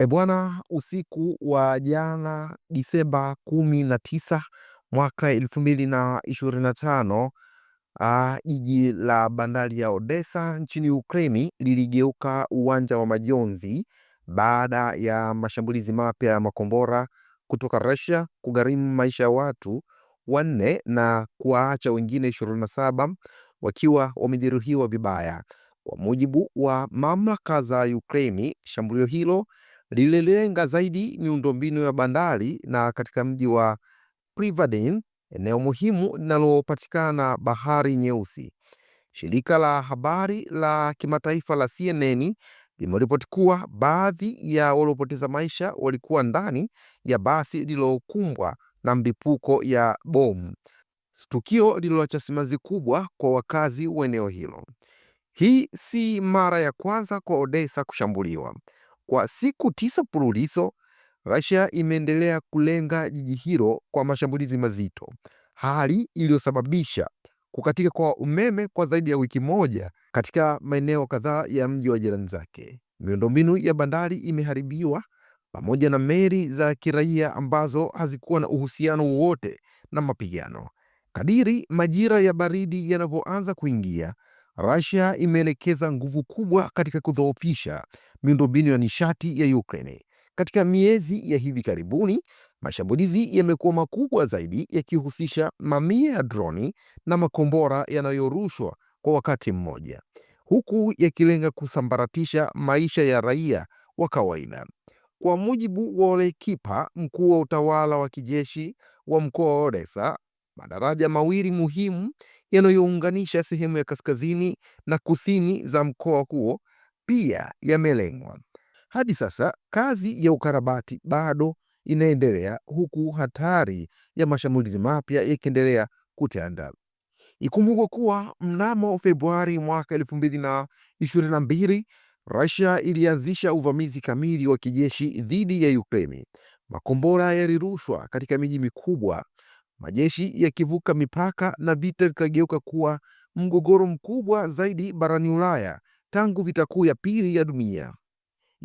E bwana, usiku wa jana Disemba kumi na tisa mwaka elfu mbili na ishirini na tano jiji la bandari ya Odessa nchini Ukraini liligeuka uwanja wa majonzi baada ya mashambulizi mapya ya makombora kutoka Russia kugharimu maisha ya watu wanne na kuwaacha wengine ishirini na saba wakiwa wamejeruhiwa vibaya. Kwa mujibu wa mamlaka za Ukraini, shambulio hilo lililenga zaidi miundombinu ya bandari na katika mji wa Prevaden, eneo muhimu linalopatikana Bahari Nyeusi. Shirika la habari la kimataifa la CNN limeripoti kuwa baadhi ya waliopoteza maisha walikuwa ndani ya basi lililokumbwa na mlipuko ya bomu, tukio lililoacha simanzi kubwa kwa wakazi wa eneo hilo. Hii si mara ya kwanza kwa Odessa kushambuliwa. Kwa siku tisa mfululizo, Russia imeendelea kulenga jiji hilo kwa mashambulizi mazito, hali iliyosababisha kukatika kwa umeme kwa zaidi ya wiki moja katika maeneo kadhaa ya mji wa jirani zake. Miundombinu ya bandari imeharibiwa pamoja na meli za kiraia ambazo hazikuwa na uhusiano wowote na mapigano. Kadiri majira ya baridi yanavyoanza kuingia, Russia imeelekeza nguvu kubwa katika kudhoofisha miundombinu ya nishati ya Ukraine. Katika miezi ya hivi karibuni, mashambulizi yamekuwa makubwa zaidi yakihusisha mamia ya droni na makombora yanayorushwa kwa wakati mmoja, huku yakilenga kusambaratisha maisha ya raia wa kawaida. Kwa mujibu wa Olekipa, mkuu wa utawala wa kijeshi wa mkoa wa Odessa, madaraja mawili muhimu yanayounganisha sehemu ya kaskazini na kusini za mkoa huo pia yamelengwa. Hadi sasa kazi ya ukarabati bado inaendelea, huku hatari ya mashambulizi mapya yakiendelea kutanda. Ikumbukwe kuwa mnamo Februari mwaka mbili rasia ilianzisha uvamizi kamili wa kijeshi dhidi ya ukreni Makombora yalirushwa katika miji mikubwa majeshi yakivuka mipaka na vita vikageuka kuwa mgogoro mkubwa zaidi barani Ulaya tangu vita kuu ya pili ya dunia.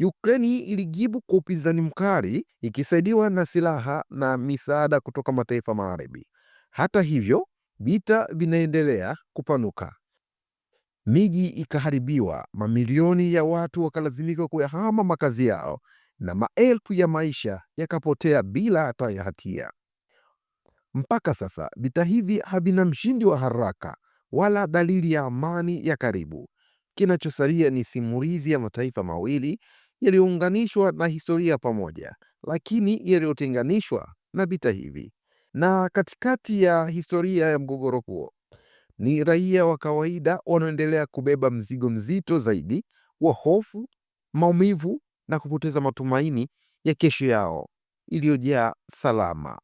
Ukraini ilijibu kwa upinzani mkali ikisaidiwa na silaha na misaada kutoka mataifa magharibi. Hata hivyo, vita vinaendelea kupanuka, miji ikaharibiwa, mamilioni ya watu wakalazimika kuyahama makazi yao na maelfu ya maisha yakapotea bila hata ya hatia. Mpaka sasa vita hivi havina mshindi wa haraka wala dalili ya amani ya karibu. Kinachosalia ni simulizi ya mataifa mawili yaliyounganishwa na historia pamoja, lakini yaliyotenganishwa na vita hivi. Na katikati ya historia ya mgogoro huo ni raia wa kawaida wanaoendelea kubeba mzigo mzito zaidi wa hofu, maumivu na kupoteza matumaini ya kesho yao iliyojaa salama.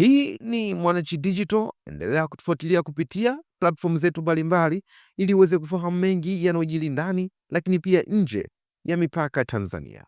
Hii ni Mwananchi Digital, endelea kutufuatilia kupitia platform zetu mbalimbali ili uweze kufahamu mengi yanayojiri ndani lakini pia nje ya mipaka Tanzania.